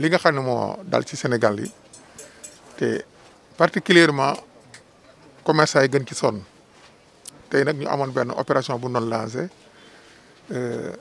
li nga xam ne moo dal ci Sénégal yi te particulièrement commerçants yi gën ci sonn tey nag ñu amoon benn opération bu noonu lancé euh,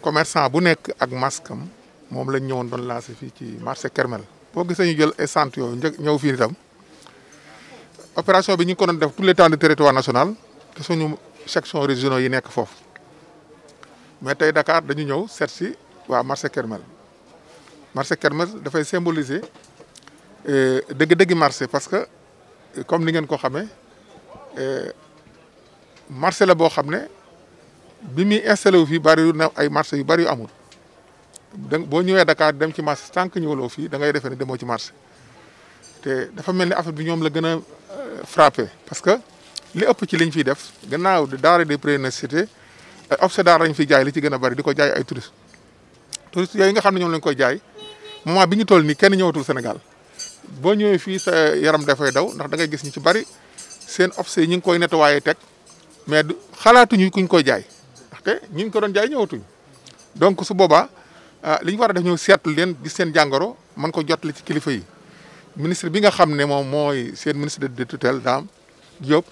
commerçant bu nekk ak masque moom lañu ñëwoon doon lancé fii ci marché Kermel. boo gisee ñu jël ay sant yooyu ñëw fii itam opération bi ñu ngi ko doon def tous les temps de territoire national te suñu section régionaux yi nekk foofu mais tey dakaar dañu ñëw seet si waa marché Kermel. marché Kermel dafay symboliser euh deug deug marché parce que euh, comme ni ngeen ko xamé euh marché la bo xamné ne bi muy installé wu bari na ay marché yu bari yu amul da boo ñëwee Dakar dem ci marché tank que ñëwuloo fii da ngay défé ne demoo ci marché té dafa melni affaire bi ñom la gëna a euh, frappé parce que li ëpp ci liñ fi def gannaaw daara des première cité ay obsédar lañ fi jaay li ci gëna bari diko jaay ay touristes touristes yooyu nga xamné ñom lañ koy jaay. ma bi ñu toll nii kenn ñëwatul Sénégal boo ñëwee fii sa yaram dafay daw ndax da ngay gis ñu ci bari seen offre yi ñu ngi koy nettoyé teg mais du xalaatuñu kuñ koy jaay ndaxte ñu ngi ko doon jaay ñëwatuñ donc su boobaa ah, li ñu war a def ñëw seetlu leen gis seen jàngoro mën ko jotali ci kilifa yi. ministre bi nga xam ne moom mooy seen ministre de tutelle Dame Diop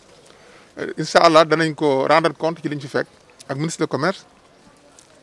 eh, incha allah danañ ko rendre compte ci liñ ci fekk ak ministre de commerce.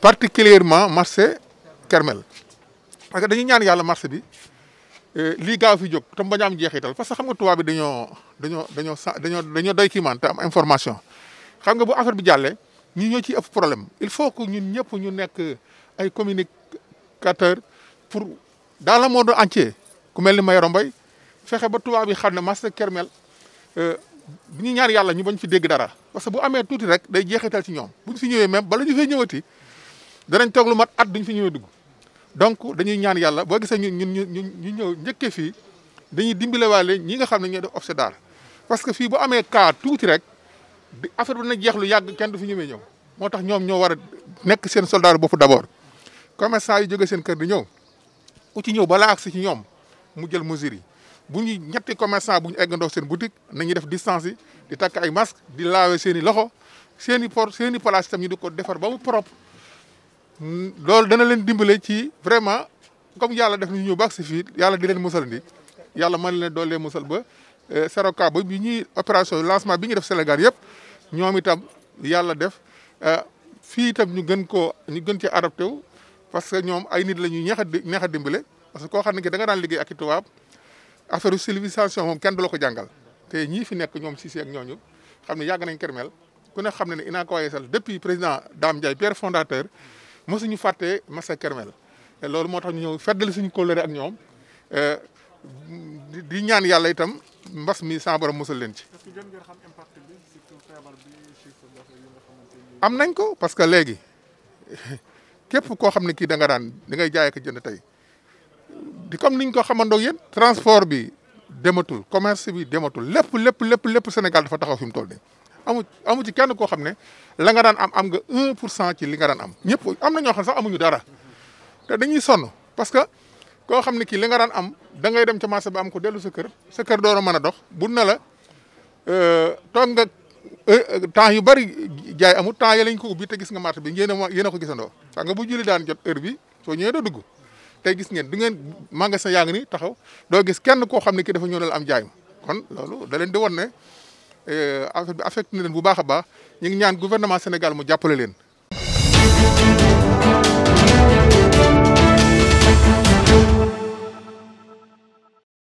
particulièrement marché Kermel parce que dañuy ñaan yàlla marché bi euh, lii gaaw fi jog tam bañ am jeexital parce que xam nga tubaab bi dañoo dañoo dañoo dañoo dañoo doy kiimaan te am information. xam nga bu affaire bi jàllee ñu ñoo ci ëpp problème il faut que ñun ñëpp ñu nekk ay communicateurs pour dans le monde entier ku melni ni Mayoro Mbaye fexe ba tubaab bi xam ne marché Kermel euh, bu ñu ñaan yalla ñu bañ fi dégg dara parce que bu amé tuuti rek day jeexital ci ñom bu ñu fi ñëwé même ba lañu fay ñëwati. danañ toog lu mat at duñ fi ñëwee dugg donc dañuy ñaan yàlla boo gisee ñun ñun ñu ñu ñëw njëkkee fii dañuy dimbalewaale ñi nga xam ne ñoo def obsédar parce que fii bu amee cas tuuti rek di affaire bi jeex lu yàgg kenn du fi ñëwee ñëw moo tax ñoom ñoo war nekk seen soldat bopp d' abord commerçant yi jóge seen kër di ñëw ku ci ñëw balaa agsi ci ñoom mu jël mesures yi bu ñu ñetti commerçant bu ñu eggandoo seen boutique nañu def distance yi di takk ay masque di laawee seeni loxo seeni i por seen i place itam ñu di ko defar ba mu propre loolu dana leen dimbale ci vraiment comme yàlla def nañu ñëw baax si fii yàlla di leen musalandi yàlla mën leen doolee musal ba eh, Seroka ba bi ñuy opération lancement bi ñu def Sénégal yëpp ñoom itam yàlla def eh, fii itam ñu gën koo ñu gën ci adopté wu. parce que ñoom ay nit la ñuy ñeex a neex a dimbale parce que koo xam ne ki nga daan liggéey ak i tubaab affaire civilisation moom kenn du la ko jàngal te ñii fi nekk ñoom Cissé ak ñooñu xam ne yàgg nañ Kermel ku ne xam ne ne Inaa ko Yeesal depuis président Dame Ndiaye père mësuñu fàtte Massa Kermel te loolu moo tax ñu ñëw feddal suñu kóllëre ak ñoom di ñaan yàlla itam mbas mi sa borom musal leen ci. am nañ ko parce que léegi képp koo xam ne kii da nga daan da ngay jaay ak jënd tey di comme niñ ko xamandoo yéen transport bi dematul commerce bi dematul lépp lépp lépp lépp Sénégal dafa taxaw fi mu toll nii amu amu ci kenn koo xam ne la nga daan am am nga pour cent ci li nga daan am ñëpp am na ñoo xam sax amuñu dara te dañuy sonn parce que koo xam ne kii li nga daan am da ngay dem ca marché ba am ko dellu sa kër sa kër a mën a dox bu na la euh, toog nga euh, temps yu bari jaay amul temps ya ko ubbi te gis nga marché bi yéen a a ko gisandoo sax nga bu julli daan jot heure bi soo ñëwee doo dugg tey gis ngeen du ngeen magasin yaa ngi ni taxaw doo gis kenn koo xam ne kii dafa ñëw am jaay ma kon loolu da leen di won ne affaire euh, bi affecté na leen bu baax a baax ñu ngi ñaan gouvernement Sénégal mu jàppale leen.